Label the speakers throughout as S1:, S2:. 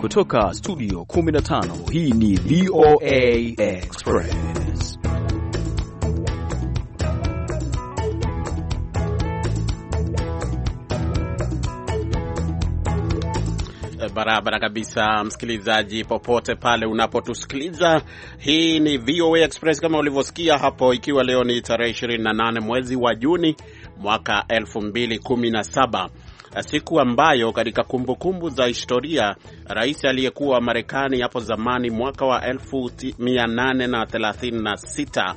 S1: Kutoka studio 15 hii ni VOA Express.
S2: Eh, barabara kabisa, msikilizaji, popote pale unapotusikiliza, hii ni VOA Express kama ulivyosikia hapo, ikiwa leo ni tarehe 28 mwezi wa Juni mwaka 2017 siku ambayo katika kumbukumbu za historia rais aliyekuwa wa Marekani hapo zamani mwaka wa 1836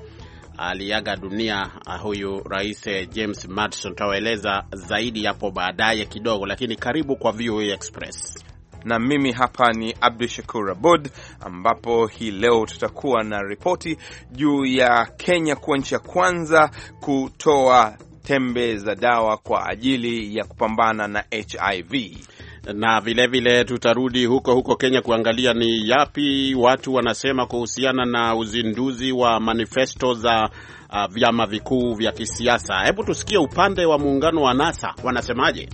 S2: aliaga dunia. Huyu rais eh, James Madison tawaeleza zaidi hapo baadaye kidogo, lakini karibu kwa VOA
S1: Express na mimi hapa ni Abdu Shakur Abud, ambapo hii leo tutakuwa na ripoti juu ya Kenya kuwa nchi ya kwanza kutoa tembe za dawa kwa ajili ya kupambana na HIV
S2: na vilevile vile tutarudi huko huko Kenya kuangalia ni yapi watu wanasema kuhusiana na uzinduzi wa manifesto za uh, vyama vikuu vya kisiasa. Hebu tusikie upande wa muungano wa NASA wanasemaje.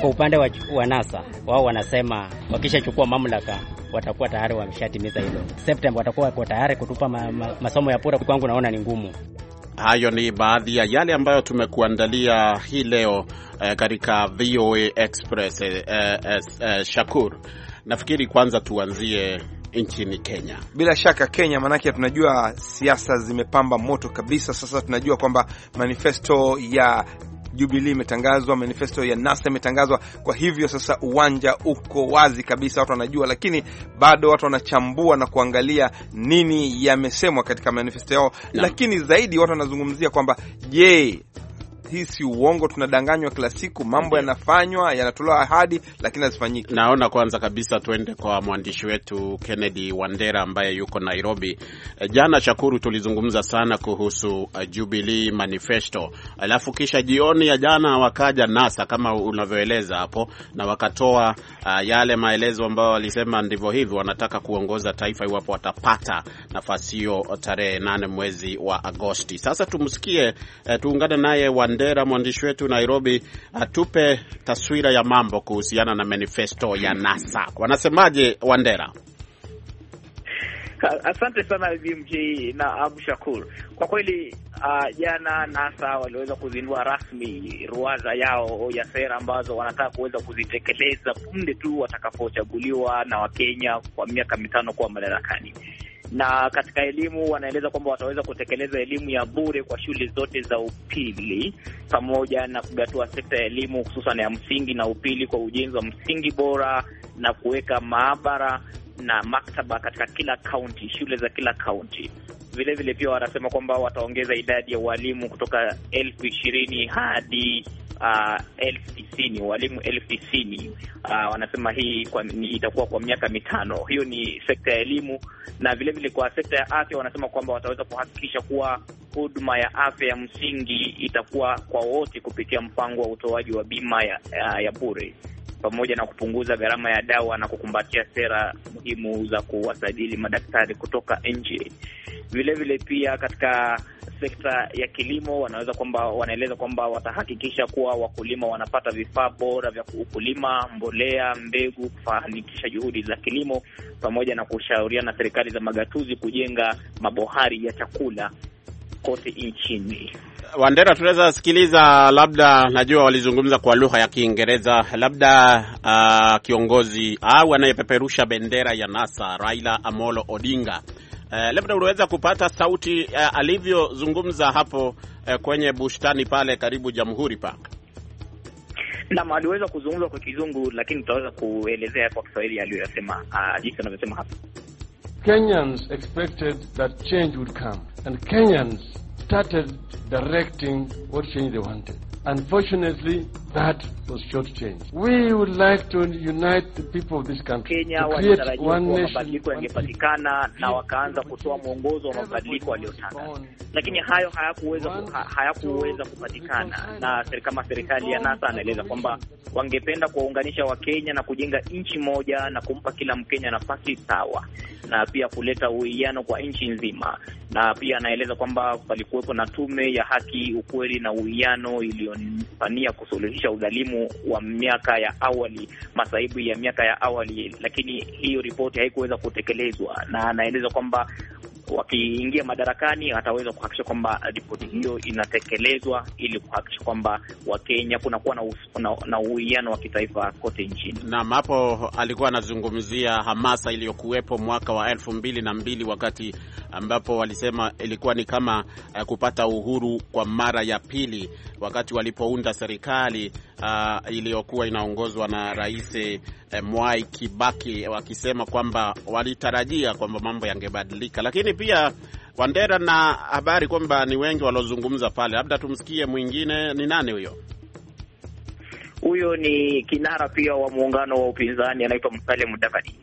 S3: Kwa upande wa, wa NASA wao wanasema wakishachukua mamlaka watakuwa tayari wameshatimiza hilo. Septemba watakuwa wako tayari kutupa ma, ma, masomo ya pura. Kwangu naona ni ngumu.
S2: Hayo ni baadhi ya yale ambayo tumekuandalia hii leo eh, katika VOA Express eh, eh, eh, Shakur, nafikiri kwanza tuanzie nchini Kenya.
S1: Bila shaka Kenya, maanake tunajua siasa zimepamba moto kabisa. Sasa tunajua kwamba manifesto ya Jubilee imetangazwa, manifesto ya NASA imetangazwa. Kwa hivyo sasa uwanja uko wazi kabisa, watu wanajua, lakini bado watu wanachambua na kuangalia nini yamesemwa katika manifesto yao no. Lakini zaidi watu wanazungumzia kwamba je, hii si uongo, tunadanganywa kila siku, mambo yanafanywa, yanatolewa ahadi
S2: lakini hazifanyiki. Naona kwanza kabisa tuende kwa mwandishi wetu Kennedy Wandera ambaye yuko Nairobi. Eh, jana Shakuru, tulizungumza sana kuhusu eh, Jubilee Manifesto, alafu kisha jioni ya jana wakaja NASA kama unavyoeleza hapo, na wakatoa uh, yale maelezo ambayo walisema ndivyo hivyo wanataka kuongoza taifa iwapo watapata nafasi hiyo tarehe 8 mwezi wa Agosti. Sasa tumsikie, uh, tuungane naye Wandera Wandera, mwandishi wetu Nairobi, atupe taswira ya mambo kuhusiana na manifesto ya NASA. Wanasemaje Wandera?
S4: Asante sana BMJ na Abu Shakur. Kwa kweli ah, jana, uh, NASA waliweza kuzindua rasmi ruwaza yao ya sera ambazo wanataka kuweza kuzitekeleza punde tu watakapochaguliwa na Wakenya kwa miaka mitano kuwa madarakani na katika elimu wanaeleza kwamba wataweza kutekeleza elimu ya bure kwa shule zote za upili pamoja na kugatua sekta ya elimu hususan ya msingi na upili kwa ujenzi wa msingi bora na kuweka maabara na maktaba katika kila kaunti, shule za kila kaunti. Vile vile pia wanasema kwamba wataongeza idadi ya walimu kutoka elfu ishirini hadi uh, elfu tisini walimu elfu tisini uh, wanasema hii kwa, ni, itakuwa kwa miaka mitano. Hiyo ni sekta ya elimu, na vilevile vile kwa sekta ya afya wanasema kwamba wataweza kuhakikisha kuwa huduma ya afya ya msingi itakuwa kwa wote kupitia mpango wa utoaji wa bima ya, ya, uh, ya bure pamoja na kupunguza gharama ya dawa na kukumbatia sera muhimu za kuwasajili madaktari kutoka nje. Vilevile pia katika sekta ya kilimo wanaweza kwamba wanaeleza kwamba watahakikisha kuwa wakulima wanapata vifaa bora vya ukulima, mbolea, mbegu, kufanikisha juhudi za kilimo, pamoja na kushauriana na serikali za magatuzi kujenga mabohari ya chakula kote nchini.
S2: Wandera, tunaweza sikiliza, labda najua walizungumza kwa lugha ya Kiingereza, labda uh, kiongozi au anayepeperusha bendera ya NASA Raila Amolo Odinga Eh, labda unaweza kupata sauti eh, alivyozungumza hapo eh, kwenye bustani pale karibu Jamhuri Park.
S4: Naam, aliweza kuzungumza kwa Kizungu, lakini tutaweza kuelezea kwa Kiswahili aliyosema, uh, ah, jinsi anavyosema hapa.
S5: Kenyans expected that change would come and Kenyans started directing what change they wanted. Unfortunately That was change. We would like to unite the people of this country. Kenya walitarajia kuwa mabadiliko yangepatikana na
S4: wakaanza kutoa mwongozo wa mabadiliko aliyotaka lakini hayo hayakuweza hayakuweza kupatikana, na kama serikali ya NASA anaeleza kwamba wangependa kuwaunganisha Wakenya na kujenga nchi moja na kumpa kila Mkenya nafasi sawa na pia kuleta uwiano kwa nchi nzima. Na pia anaeleza kwamba palikuwepo na tume ya haki, ukweli na uwiano iliyofania kusuluhisha kurekebisha udhalimu wa miaka ya awali, masaibu ya miaka ya awali, lakini hiyo ripoti haikuweza kutekelezwa, na anaeleza kwamba wakiingia madarakani wataweza kuhakikisha kwamba ripoti hiyo inatekelezwa ili kuhakikisha kwamba Wakenya kunakuwa na uwiano wa kitaifa kote nchini. Naam,
S2: hapo alikuwa anazungumzia hamasa iliyokuwepo mwaka wa elfu mbili na mbili wakati ambapo walisema ilikuwa ni kama uh, kupata uhuru kwa mara ya pili wakati walipounda serikali uh, iliyokuwa inaongozwa na rais eh, Mwai Kibaki wakisema kwamba walitarajia kwamba mambo yangebadilika, lakini pia Wandera na habari kwamba ni wengi waliozungumza pale. Labda tumsikie
S4: mwingine, ni nani huyo? Huyo ni kinara pia wa muungano wa upinzani anaitwa Musalia Mudavadi.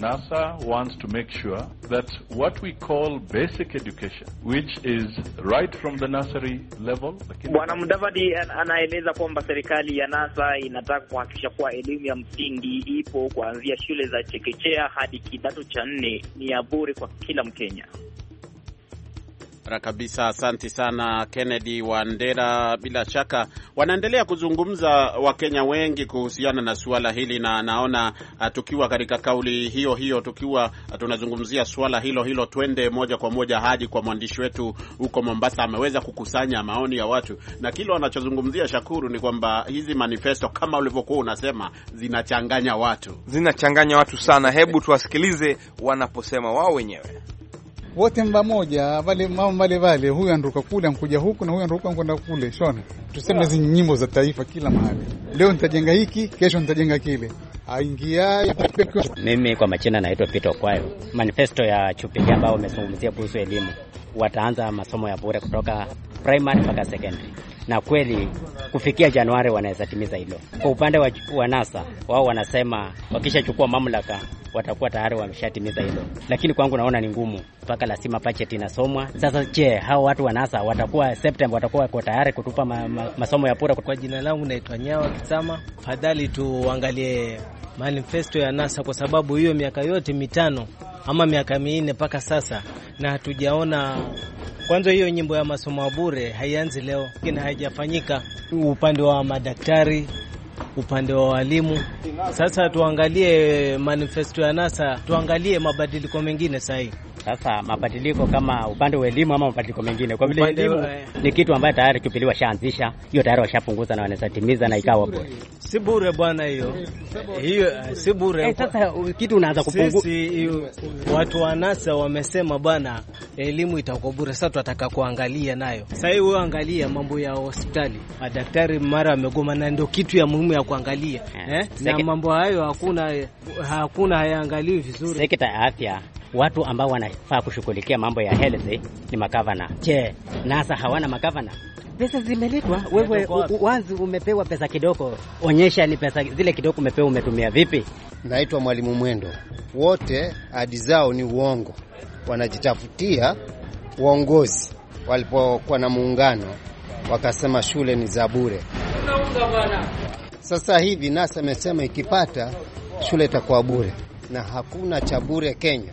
S5: NASA wants to make sure that what we call basic education, which is right from the nursery level.
S4: Bwana Mudavadi anaeleza kwamba serikali ya NASA inataka kuhakikisha kuwa elimu ya msingi ipo kuanzia shule za chekechea hadi kidato cha nne ni ya bure kwa kila Mkenya.
S2: Bara kabisa, asanti sana Kennedy Wandera. Bila shaka wanaendelea kuzungumza Wakenya wengi kuhusiana na suala hili, na naona ah, tukiwa katika kauli hiyo hiyo, tukiwa ah, tunazungumzia suala hilo hilo, twende moja kwa moja hadi kwa mwandishi wetu huko Mombasa. Ameweza kukusanya maoni ya watu na kile wanachozungumzia, Shakuru, ni kwamba hizi manifesto kama ulivyokuwa unasema zinachanganya watu,
S1: zinachanganya watu sana. Hebu tuwasikilize wanaposema wao wenyewe
S2: wote mba moja vale mama vale vale, huyu anruka kule ankuja huku na huyu anruka kwenda kule. Shona tuseme hizi nyimbo za taifa kila mahali, leo nitajenga hiki, kesho nitajenga kile. Aingiaye
S3: mimi kwa machina naitwa Peter Kwayo. Manifesto ya Chupili ambao umezungumzia kuhusu elimu, wataanza masomo ya bure kutoka primary mpaka secondary na kweli kufikia Januari wanaweza timiza hilo. Kwa upande wa, wa NASA wao wanasema wakishachukua mamlaka watakuwa tayari wameshatimiza hilo, lakini kwangu naona ni ngumu, mpaka lazima budget inasomwa. Sasa je, hao watu wa NASA watakuwa Septemba watakuwa wako tayari kutupa ma, ma, masomo ya pura? Kwa jina langu naitwa Nyawa Kisama. Fadhali tuangalie manifesto ya NASA kwa sababu hiyo miaka yote mitano ama miaka minne mpaka sasa na hatujaona kwanza hiyo nyimbo ya masomo ya bure haianzi leo, lakini haijafanyika upande wa madaktari, upande wa walimu. Sasa tuangalie manifesto ya NASA, tuangalie mabadiliko mengine sahii Sasa mabadiliko kama upande wa elimu ama mabadiliko mengine, kwa vile elimu ni kitu ambayo tayari kipiliwa shaanzisha hiyo, tayari washapunguza na wanaweza timiza na ikawa bora si bure bwana, hiyo hiyo eh, si bure. Eh, sasa kitu unaanza kupungua. Sisi watu wa NASA wamesema bwana, elimu itakuwa bure. Sasa tunataka kuangalia nayo sasa. Hii angalia mambo ya hospitali, madaktari mara amegoma, na ndio kitu ya muhimu ya kuangalia eh, eh? na mambo hayo hakuna hakuna hayaangaliwi vizuri. Sekta ya afya watu ambao wanafaa kushughulikia mambo ya health ni magavana. Je, NASA hawana magavana? pesa zimeletwa, wewe wazi umepewa pesa kidogo, onyesha ni pesa zile kidogo umepewa umetumia vipi? Naitwa Mwalimu Mwendo. Wote hadi zao ni uongo, wanajitafutia uongozi. Walipokuwa na muungano wakasema shule ni za bure. Sasa hivi NASA amesema ikipata shule itakuwa bure, na hakuna cha bure Kenya.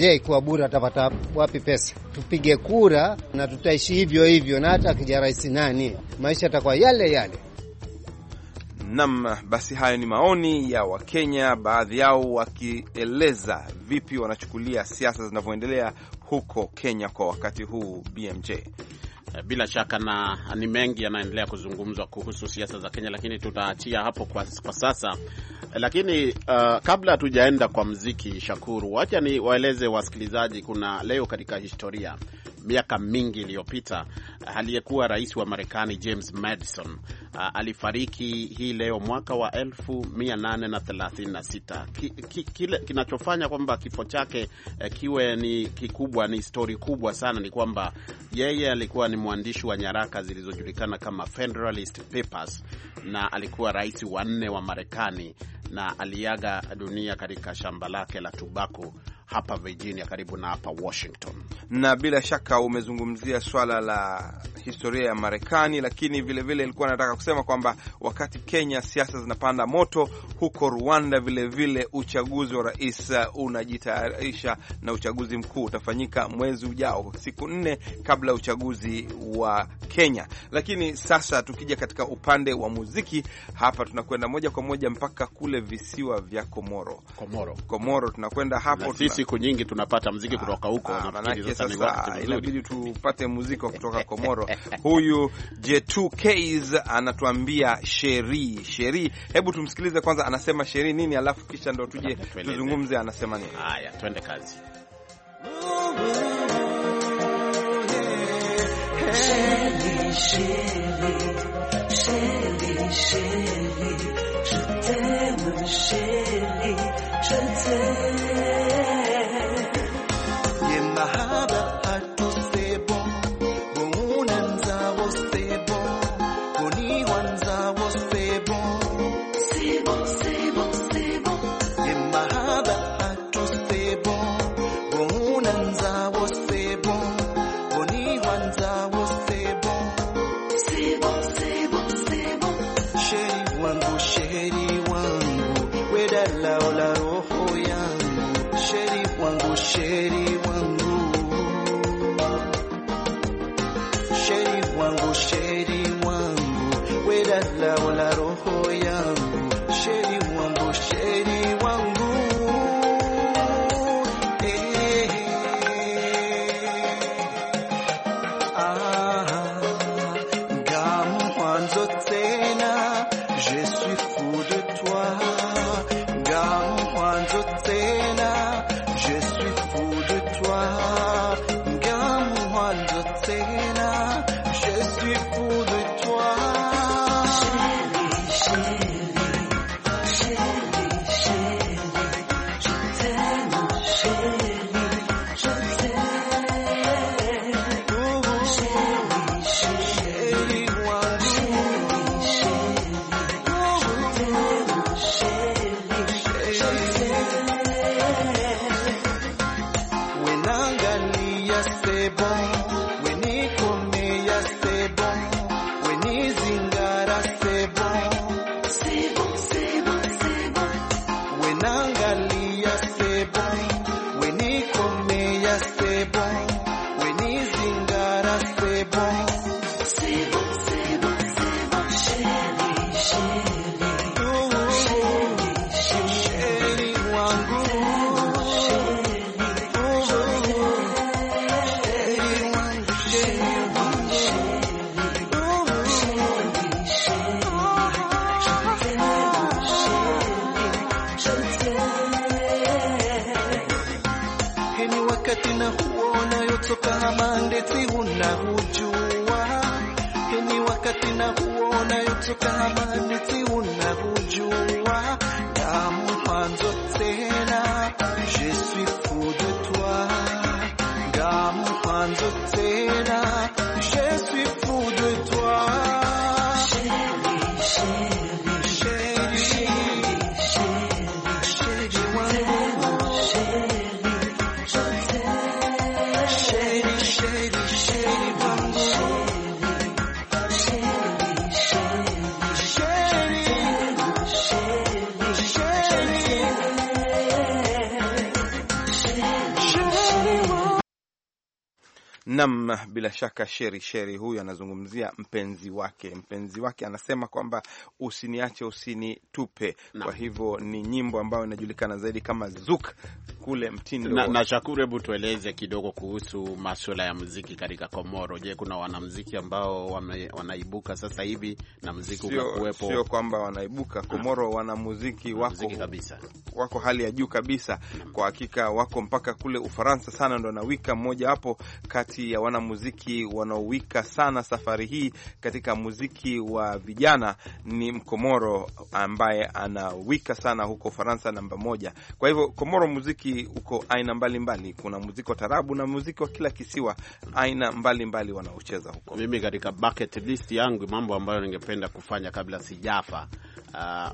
S3: Je, ikiwa bure atapata wapi pesa? Tupige kura na tutaishi hivyo hivyo, na hata akija rais nani, maisha yatakuwa yale yale.
S1: Nam, basi hayo ni maoni ya Wakenya, baadhi yao wakieleza vipi wanachukulia siasa zinavyoendelea huko Kenya kwa wakati huu. BMJ
S2: Eh, bila shaka na ni mengi yanaendelea kuzungumzwa kuhusu siasa za Kenya, lakini tutaachia hapo kwa, kwa sasa. Eh, lakini uh, kabla hatujaenda kwa mziki, Shakuru, wacha ni waeleze wasikilizaji, kuna leo katika historia miaka mingi iliyopita, eh, aliyekuwa rais wa Marekani James Madison eh, alifariki hii leo mwaka wa 1836. kinachofanya kwamba kifo chake eh, kiwe ni kikubwa, ni stori kubwa sana, ni kwamba yeye alikuwa ni mwandishi wa nyaraka zilizojulikana kama Federalist Papers na alikuwa rais wa nne wa Marekani na aliaga dunia katika
S1: shamba lake la tubaku hapa Virginia, karibu na hapa Washington. Na bila shaka umezungumzia swala la historia ya Marekani, lakini vilevile ilikuwa vile nataka kusema kwamba wakati Kenya siasa zinapanda moto, huko Rwanda vilevile vile uchaguzi wa rais uh, unajitayarisha na uchaguzi mkuu utafanyika mwezi ujao, siku nne kabla ya uchaguzi wa Kenya. Lakini sasa tukija katika upande wa muziki, hapa tunakwenda moja kwa moja mpaka kule visiwa vya Komoro. Komoro, Komoro tunakwenda hapo siku
S2: nyingi tunapata muziki kutoka huko, nafikiri sasa inabidi
S1: tupate muziki kutoka Komoro. Huyu J2Ks anatuambia sheri sheri. Hebu tumsikilize kwanza, anasema sheri nini, alafu kisha ndo tuje tuzungumze anasema nini. Haya, twende kazi.
S5: Sheri, sheri, sheri, sheri, je t'aime, sheri, je t'aime. wangu, sheri wangu, we that's love.
S1: Nam, bila shaka Sheri Sheri huyu anazungumzia mpenzi wake. Mpenzi wake anasema kwamba usiniache, usinitupe. Kwa hivyo ni nyimbo ambayo inajulikana zaidi kama zuk kule mtindo na, na
S2: Shakuru, hebu tueleze kidogo kuhusu maswala ya muziki katika Komoro. Je, kuna wanamuziki ambao wame, wanaibuka sasa hivi na muziki ukakuwepo? Sio
S1: kwamba wanaibuka Komoro, wanamuziki wako, kabisa. wako hali ya juu kabisa na. Kwa hakika wako mpaka kule Ufaransa sana, ndo nawika mmoja hapo kati kati ya wanamuziki wanaowika sana safari hii katika muziki wa vijana ni Mkomoro ambaye anawika sana huko Ufaransa, namba moja. Kwa hivyo Komoro muziki uko aina mbalimbali mbali. Kuna muziki wa tarabu na muziki wa kila kisiwa aina mbalimbali wanaocheza huko. Mimi katika bucket list yangu mambo ambayo ningependa kufanya kabla
S2: sijafa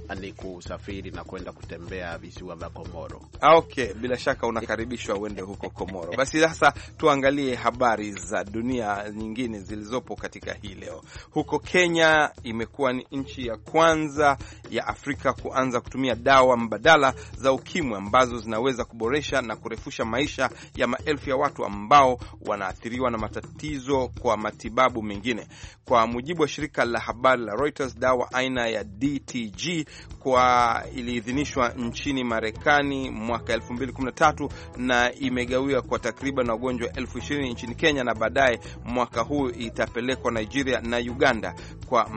S2: Uh, ni kusafiri na kwenda kutembea visiwa vya Komoro.
S1: Ah, okay, bila shaka unakaribishwa uende huko Komoro. Basi sasa tuangalie habari habari za dunia nyingine zilizopo katika hii leo. Huko Kenya imekuwa ni nchi ya kwanza ya Afrika kuanza kutumia dawa mbadala za ukimwi ambazo zinaweza kuboresha na kurefusha maisha ya maelfu ya watu ambao wanaathiriwa na matatizo kwa matibabu mengine. Kwa mujibu wa shirika la habari la Reuters, dawa aina ya DTG kwa iliidhinishwa nchini Marekani mwaka 2013 na imegawiwa kwa takriban wagonjwa elfu ishirini nchini Kenya Kenya na baadaye mwaka huu itapelekwa Nigeria na Uganda kwa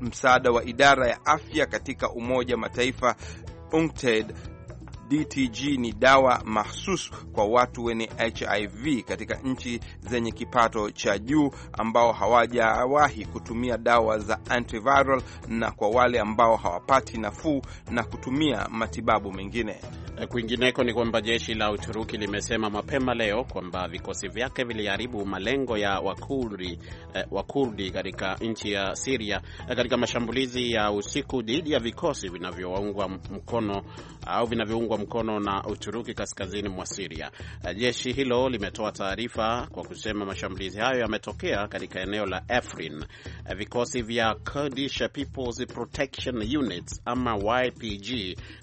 S1: msaada wa idara ya afya katika Umoja Mataifa UNCTAD DTG ni dawa mahsus kwa watu wenye HIV katika nchi zenye kipato cha juu ambao hawajawahi kutumia dawa za antiviral na kwa wale ambao hawapati nafuu na kutumia matibabu mengine. Eh, kwingineko
S2: ni kwamba jeshi la Uturuki limesema mapema leo kwamba vikosi vyake viliharibu malengo ya Wakurdi, eh, Wakurdi katika nchi ya Siria eh, katika mashambulizi ya usiku dhidi ya vikosi vinavyoungwa mkono au vinavyoungwa mkono na Uturuki kaskazini mwa Siria. Uh, jeshi hilo limetoa taarifa kwa kusema mashambulizi hayo yametokea katika eneo la Afrin. Uh, vikosi vya Kurdish People's Protection Units ama YPG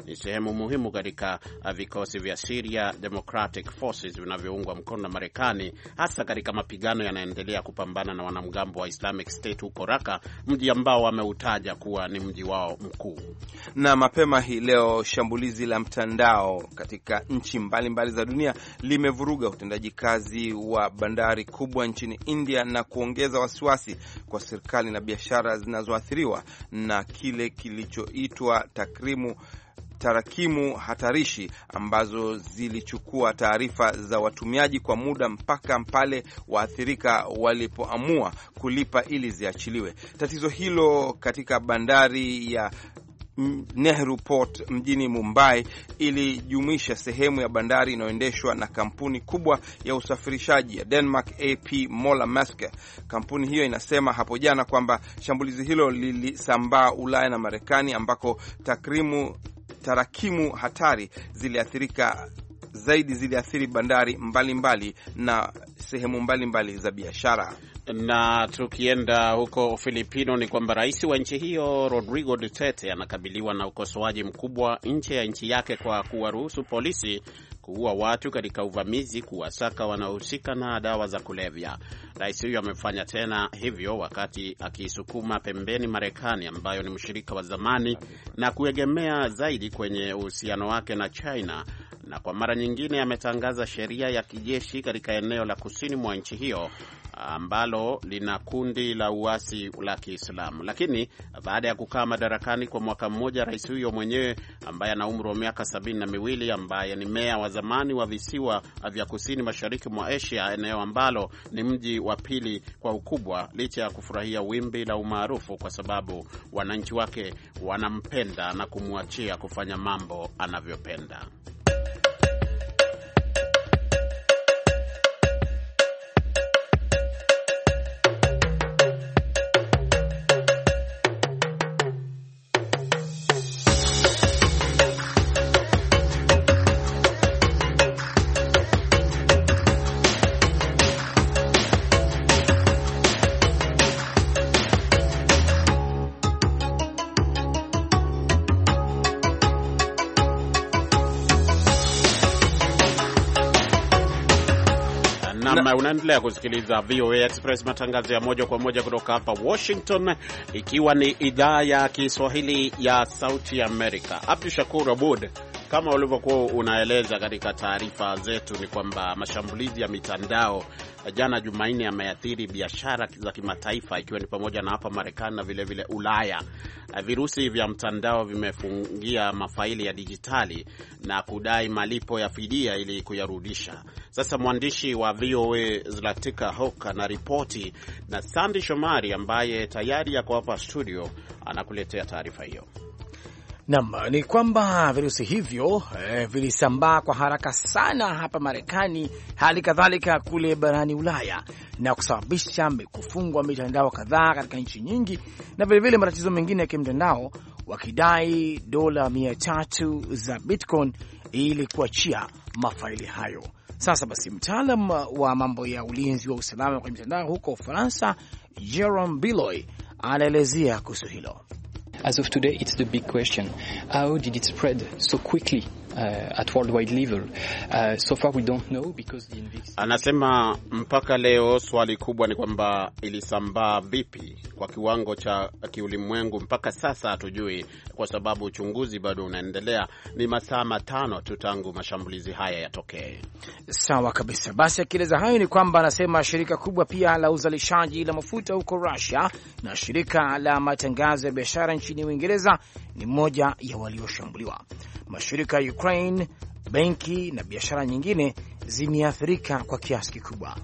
S2: ni sehemu muhimu katika uh, vikosi vya Syria Democratic Forces vinavyoungwa mkono na Marekani, hasa katika mapigano yanaendelea kupambana na wanamgambo wa Islamic State huko Raka, mji ambao wameutaja kuwa
S1: ni mji wao mkuu. Na mapema hii leo shambulizi la mtandao mitandao katika nchi mbalimbali za dunia limevuruga utendaji kazi wa bandari kubwa nchini India na kuongeza wasiwasi kwa serikali na biashara zinazoathiriwa na kile kilichoitwa takrimu tarakimu hatarishi ambazo zilichukua taarifa za watumiaji kwa muda mpaka pale waathirika walipoamua kulipa ili ziachiliwe. Tatizo hilo katika bandari ya Nehru Port mjini Mumbai ilijumuisha sehemu ya bandari inayoendeshwa na kampuni kubwa ya usafirishaji ya Denmark AP Moller Maersk. Kampuni hiyo inasema hapo jana kwamba shambulizi hilo lilisambaa Ulaya na Marekani ambako takrimu tarakimu hatari ziliathirika zaidi ziliathiri bandari mbalimbali mbali na sehemu mbalimbali mbali za
S2: biashara. Na tukienda huko Filipino ni kwamba rais wa nchi hiyo Rodrigo Duterte anakabiliwa na ukosoaji mkubwa nje ya nchi yake kwa kuwaruhusu polisi kuua watu katika uvamizi kuwasaka wanaohusika na dawa za kulevya. Rais huyo amefanya tena hivyo wakati akiisukuma pembeni Marekani ambayo ni mshirika wa zamani na kuegemea zaidi kwenye uhusiano wake na China, na kwa mara nyingine ametangaza sheria ya kijeshi katika eneo la kusini mwa nchi hiyo ambalo lina kundi la uasi la Kiislamu. Lakini baada ya kukaa madarakani kwa mwaka mmoja, rais huyo mwenyewe ambaye ana umri wa miaka sabini na miwili ambaye ni meya wa zamani wa visiwa vya kusini mashariki mwa Asia, eneo ambalo ni mji wa pili kwa ukubwa, licha ya kufurahia wimbi la umaarufu kwa sababu wananchi wake wanampenda na kumwachia kufanya mambo anavyopenda. na unaendelea kusikiliza VOA Express, matangazo ya moja kwa moja kutoka hapa Washington, ikiwa ni idhaa ya Kiswahili ya Sauti Amerika. Abdu Shakur Abud kama ulivyokuwa unaeleza katika taarifa zetu, ni kwamba mashambulizi ya mitandao eh, jana Jumanne yameathiri biashara za kimataifa ikiwa ni pamoja na hapa Marekani na vilevile Ulaya. Eh, virusi vya mtandao vimefungia mafaili ya dijitali na kudai malipo ya fidia ili kuyarudisha. Sasa mwandishi wa VOA Zlatika Hok anaripoti na Sandi Shomari ambaye tayari yako hapa studio anakuletea taarifa hiyo.
S6: Naam, ni kwamba virusi hivyo eh, vilisambaa kwa haraka sana hapa Marekani, hali kadhalika kule barani Ulaya na kusababisha kufungwa mitandao kadhaa katika nchi nyingi, na vilevile matatizo mengine ya kimtandao, wakidai dola mia tatu za Bitcoin ili kuachia mafaili hayo. Sasa basi, mtaalam wa mambo ya ulinzi wa usalama kwenye mitandao huko Ufaransa, Jerome Biloy anaelezea kuhusu hilo. As of today, it's the big question. How did it spread so quickly
S2: Anasema mpaka leo swali kubwa ni kwamba ilisambaa vipi kwa kiwango cha kiulimwengu. Mpaka sasa hatujui, kwa sababu uchunguzi bado unaendelea. Ni masaa matano tu tangu mashambulizi haya yatokee.
S6: Sawa kabisa. Basi akieleza hayo ni kwamba anasema shirika kubwa pia la uzalishaji la mafuta huko Russia na shirika la matangazo ya biashara nchini Uingereza ni moja ya walioshambuliwa mashirika ya Ukraine, benki na biashara nyingine zimeathirika kwa kiasi kikubwa.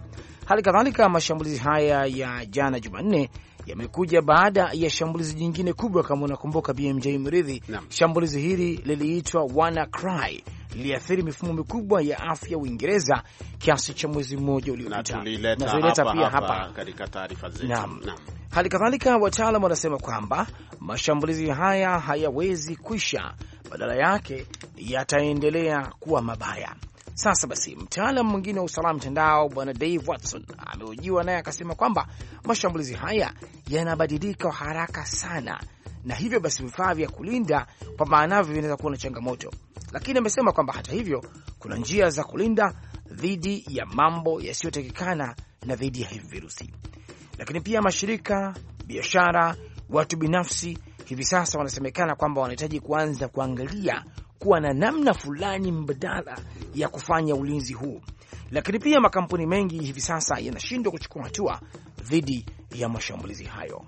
S6: Hali kadhalika, mashambulizi haya ya jana Jumanne yamekuja baada ya shambulizi jingine kubwa. Kama unakumbuka BMJ Mridhi, shambulizi hili liliitwa WannaCry liliathiri mifumo mikubwa ya afya Uingereza kiasi cha mwezi mmoja uliopita, na tulileta pia hapa
S2: katika taarifa zetu. Naam,
S6: hali kadhalika wataalam wanasema kwamba mashambulizi haya hayawezi kwisha badala yake yataendelea kuwa mabaya. Sasa basi, mtaalam mwingine wa usalama mtandao Bwana Dave Watson amehojiwa naye akasema kwamba mashambulizi haya yanabadilika haraka sana, na hivyo basi vifaa vya kulinda kwa navyo vinaweza kuwa na changamoto, lakini amesema kwamba hata hivyo kuna njia za kulinda dhidi ya mambo yasiyotakikana na dhidi ya hivi virusi. Lakini pia mashirika, biashara, watu binafsi hivi sasa wanasemekana kwamba wanahitaji kuanza kuangalia kuwa na namna fulani mbadala ya kufanya ulinzi huu, lakini pia makampuni mengi hivi sasa yanashindwa kuchukua hatua dhidi ya mashambulizi hayo.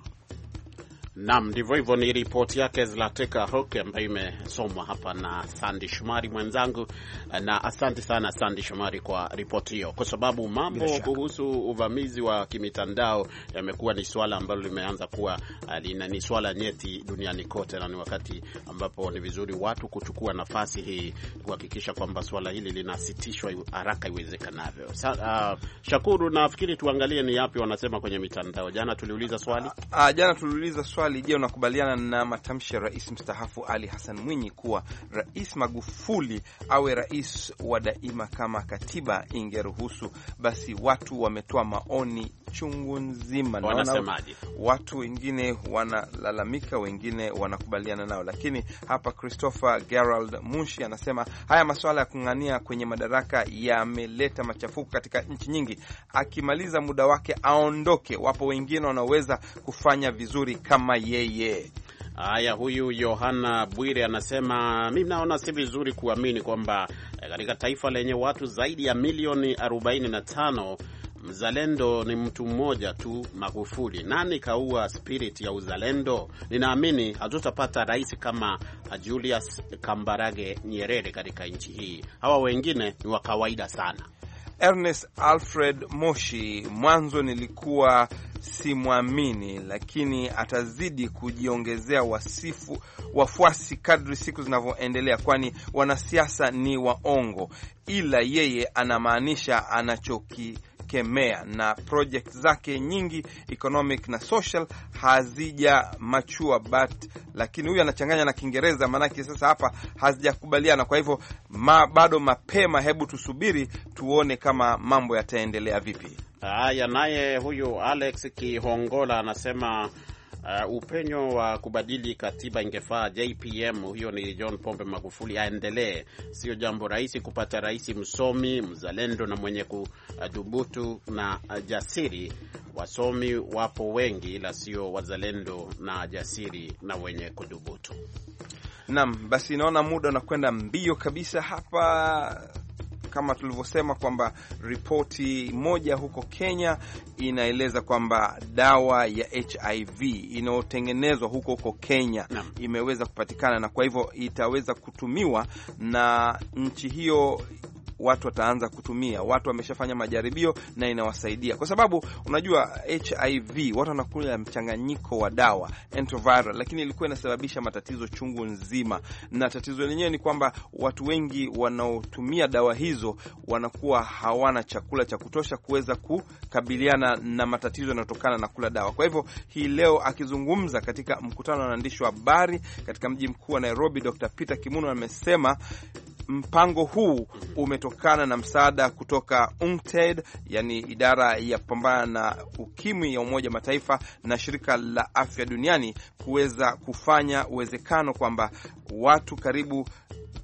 S2: Nam, ndivyo hivyo. Ni ripoti yake Zlateka Hoke ambayo imesomwa hapa na Sandi Shumari mwenzangu, na asante sana Sandi Shumari kwa ripoti hiyo, kwa sababu mambo kuhusu uvamizi wa kimitandao yamekuwa ni swala ambalo limeanza kuwa ah, ni swala nyeti duniani kote, na ni wakati ambapo ni vizuri watu kuchukua nafasi hii kuhakikisha kwamba swala hili linasitishwa haraka iwezekanavyo. Uh, Shakuru, nafikiri tuangalie ni yapi
S1: wanasema kwenye mitandao. Jana tuliuliza swali, uh, uh, jana tuliuliza swali swali, je, unakubaliana na matamshi ya rais mstaafu Ali Hassan Mwinyi kuwa Rais Magufuli awe rais wa daima kama katiba ingeruhusu? Basi watu wametoa maoni chungu nzima, watu wengine wanalalamika, wengine wanakubaliana nao. Lakini hapa Christopher Gerald Munshi anasema haya masuala ya kung'ania kwenye madaraka yameleta machafuko katika nchi nyingi, akimaliza muda wake aondoke. Wapo wengine wanaoweza kufanya vizuri kama yeye. Haya,
S2: huyu Yohana Bwire anasema mi naona si vizuri kuamini kwamba eh, katika taifa lenye watu zaidi ya milioni 45 mzalendo ni mtu mmoja tu, Magufuli. Nani kaua spirit ya uzalendo? Ninaamini hatutapata rais kama Julius Kambarage Nyerere katika nchi hii. Hawa
S1: wengine ni wa kawaida sana. Ernest Alfred Moshi, mwanzo nilikuwa simwamini, lakini atazidi kujiongezea wasifu wafuasi kadri siku zinavyoendelea, kwani wanasiasa ni waongo, ila yeye anamaanisha anachoki kukemea, na project zake nyingi economic na social hazija machua but, lakini huyu anachanganya na Kiingereza maanake sasa hapa hazijakubaliana. Kwa hivyo ma, bado mapema, hebu tusubiri tuone kama mambo yataendelea vipi.
S2: Haya, naye huyu Alex Kihongola anasema uh, upenyo wa kubadili katiba ingefaa JPM, huyo ni John Pombe Magufuli, aendelee. Sio jambo rahisi kupata rais msomi, mzalendo na mwenye kudhubutu na jasiri. Wasomi wapo wengi, ila sio wazalendo na jasiri na wenye kudhubutu.
S1: Naam, basi naona muda unakwenda mbio kabisa hapa kama tulivyosema kwamba ripoti moja huko Kenya inaeleza kwamba dawa ya HIV inayotengenezwa huko huko Kenya na imeweza kupatikana na kwa hivyo itaweza kutumiwa na nchi hiyo watu wataanza kutumia. Watu wameshafanya majaribio na inawasaidia, kwa sababu unajua HIV watu wanakula mchanganyiko wa dawa antiviral, lakini ilikuwa inasababisha matatizo chungu nzima, na tatizo lenyewe ni kwamba watu wengi wanaotumia dawa hizo wanakuwa hawana chakula cha kutosha kuweza kukabiliana na matatizo yanayotokana na kula dawa. Kwa hivyo hii leo akizungumza katika mkutano wa waandishi wa habari katika mji mkuu wa Nairobi, Dr. Peter Kimuno amesema Mpango huu umetokana na msaada kutoka UNTED, yani idara ya kupambana na ukimwi ya Umoja Mataifa na shirika la afya duniani kuweza kufanya uwezekano kwamba watu karibu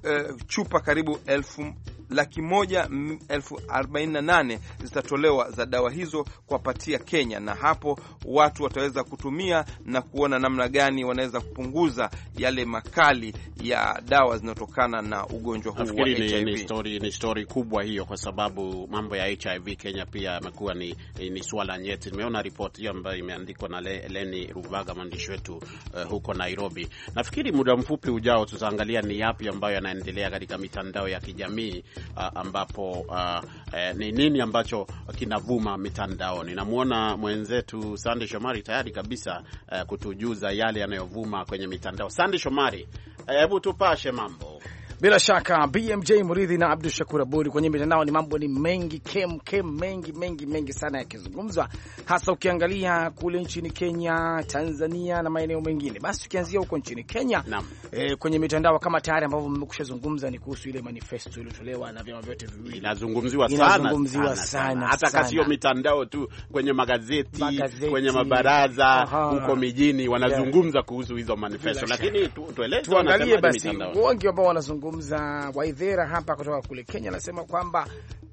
S1: eh, chupa karibu elfu laki moja elfu arobaini na nane zitatolewa za dawa hizo kuwapatia Kenya, na hapo watu wataweza kutumia na kuona namna gani wanaweza kupunguza yale makali ya dawa zinazotokana na ugonjwa huu wa HIV. Ni
S2: story, ni story kubwa hiyo, kwa sababu mambo ya HIV Kenya pia yamekuwa ni, ni swala nyeti. Nimeona ripoti hiyo ambayo imeandikwa na Leni Ruvaga, mwandishi wetu uh, huko Nairobi. Nafikiri muda mfupi ujao tutaangalia ni yapi ambayo yanaendelea katika mitandao ya kijamii uh, ambapo uh, eh, ni nini ambacho kinavuma mitandaoni. Namwona mwenzetu Sande Shomari tayari kabisa uh, kutujuza yale yanayovuma kwenye mitandao.
S6: Sande Shomari, eh, hebu uh, tupashe mambo. Bila shaka BMJ Muridhi na Abdu Shakur Abud. Kwenye mitandao ni mambo ni mengi kem kem, mengi mengi mengi sana yakizungumzwa, hasa ukiangalia kule nchini Kenya, Tanzania na maeneo mengine. Basi tukianzia huko nchini Kenya e, kwenye mitandao kama tayari ambavyo mmekusha zungumza ni kuhusu ile manifesto iliyotolewa na vyama vyote viwili, inazungumziwa sana sana, hata kama
S2: mitandao tu, kwenye magazeti, magazeti kwenye mabaraza huko mijini wanazungumza yeah, kuhusu hizo manifesto, lakini
S6: tueleze, tuangalie basi wengi ambao wanazungumza anazungumza Waithera hapa kutoka kule Kenya, anasema kwamba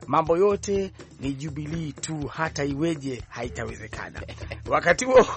S6: mambo yote ni Jubilii tu, hata iweje haitawezekana. wakati huo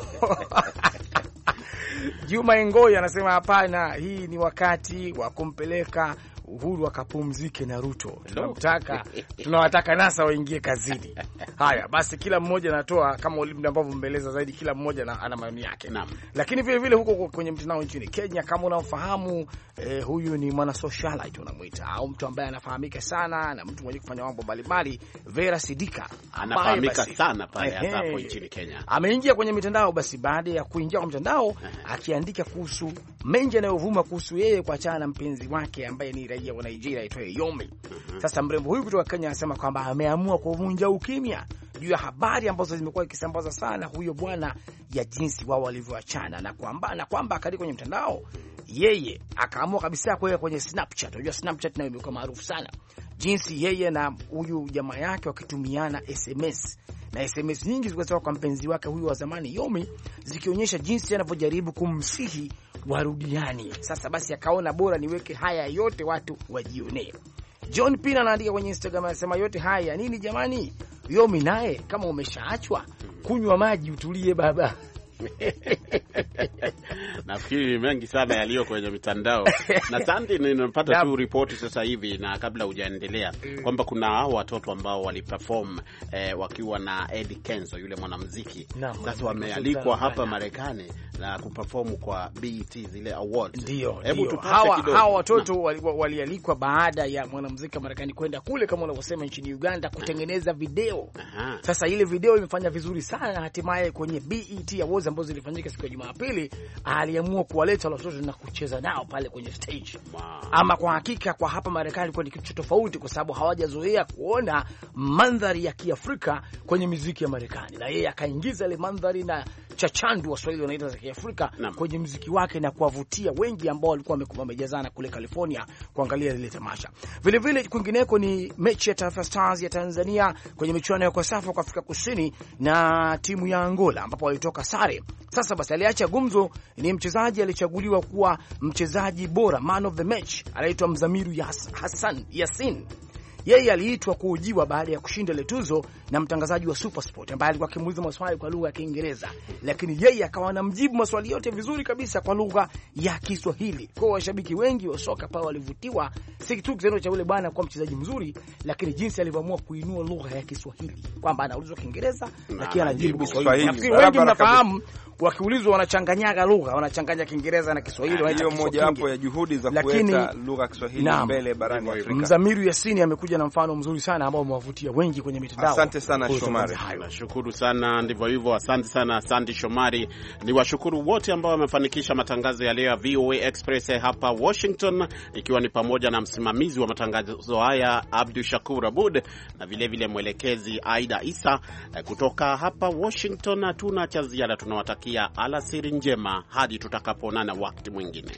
S6: Juma Engoi anasema hapana, hii ni wakati wa kumpeleka Uhuru akapumzike na Ruto, tunamtaka tunawataka NASA waingie kazini. Haya basi, kila mmoja anatoa kama ambavyo mbeleza zaidi, kila mmoja na, ana maoni yake Naam. Lakini vile vile huko kwenye mtandao nchini Kenya kama unamfahamu eh, huyu ni mwana socialite unamwita au mtu ambaye anafahamika sana na mtu mwenye kufanya mambo mbalimbali, Vera Sidika anafahamika sana pale hapo nchini Kenya, ameingia kwenye mitandao. Basi baada ya kuingia kwa mtandao, akiandika kuhusu mengi yanayovuma kuhusu yeye kuachana na mpenzi wake ambaye ni raia wa Nigeria aitwaye Yomi. Mhm. Sasa mrembo huyu kutoka Kenya anasema kwamba ameamua kuvunja ukimya juu ya habari ambazo zimekuwa ikisambaza sana huyo bwana ya jinsi wao walivyoachana na kwamba na kwamba akali kwenye mtandao, yeye akaamua kabisa kuweka kwenye Snapchat. Unajua Snapchat nayo imekuwa maarufu sana, jinsi yeye na huyu jamaa yake wakitumiana SMS na SMS nyingi zikatoka kwa mpenzi wake huyu wa zamani Yomi, zikionyesha jinsi anavyojaribu kumsihi warudiani. Sasa basi, akaona bora niweke haya yote watu wajionee. John Pina anaandika kwenye Instagram, anasema yote haya ya nini jamani? Yomi naye kama umeshaachwa kunywa maji utulie baba
S2: nafikiri ni mengi sana yaliyo kwenye mitandao na sandi, nimepata tu ripoti sasa hivi, na kabla hujaendelea mm. kwamba kuna hao watoto ambao waliperform eh, wakiwa na Eddie Kenzo yule mwanamuziki sasa wamealikwa hapa Marekani na kuperform kwa BET zile awards.
S6: Ndio, hebu tupate kidogo. Hawa watoto walialikwa baada ya mwanamuziki wa Marekani kwenda kule kama unavyosema nchini Uganda kutengeneza video. Aha. Sasa ile video imefanya vizuri sana na hatimaye kwenye BET awards ambazo zilifanyika siku ya Jumapili ali aliamua kuwaleta watoto na kucheza nao pale kwenye stage wow. Ama kwa hakika kwa hapa Marekani ilikuwa ni kitu cha tofauti, kwa sababu hawajazoea kuona mandhari ya Kiafrika kwenye muziki ya Marekani, na yeye akaingiza ile mandhari na cha chandu Swahili wanaita za Kiafrika kwenye mziki wake na kuwavutia wengi ambao walikuwa wamejazana kule California kuangalia lile tamasha. Vilevile kwingineko ni mechi ya Taifa Stars ya Tanzania kwenye michuano ya Kosafa kwa Afrika Kusini na timu ya Angola ambapo walitoka sare. Sasa basi, aliacha gumzo ni mchezaji alichaguliwa kuwa mchezaji bora, man of the match, anaitwa Mzamiru Hassan Yasin yeye aliitwa kuujiwa baada ya kushinda ile tuzo na mtangazaji wa Supersport ambaye alikuwa akimuuliza maswali kwa lugha ya Kiingereza, lakini yeye akawa anamjibu maswali yote vizuri kabisa kwa lugha ya Kiswahili. Kwa washabiki wengi wa soka pale walivutiwa si tu kitendo cha yule bwana kuwa mchezaji mzuri, lakini jinsi alivyoamua kuinua lugha ya Kiswahili, kwamba anaulizwa Kiingereza lakini anajibu Kiswahili. Nafikiri wengi mnafahamu wakiulizwa wanachanganyaga lugha, wanachanganya Kiingereza na Kiswahili, ah, Hiyo moja wapo ya juhudi za kuleta lugha Kiswahili na mbele barani Afrika. Mzamiru Yasini amekuja na mfano mzuri sana ambao umewavutia wengi kwenye mitandao. Asante sana Shomari,
S2: nashukuru sana. Ndivyo hivyo, asante sana Sandy Shomari. Ni washukuru wote ambao wamefanikisha matangazo ya leo ya VOA Express hapa Washington, ikiwa ni pamoja na msimamizi wa matangazo haya Abdu Shakur Abud na vilevile vile mwelekezi Aida Isa eh, kutoka hapa Washington. Hatuna cha ziada, tunawatakia ya alasiri njema hadi tutakapoonana wakati mwingine.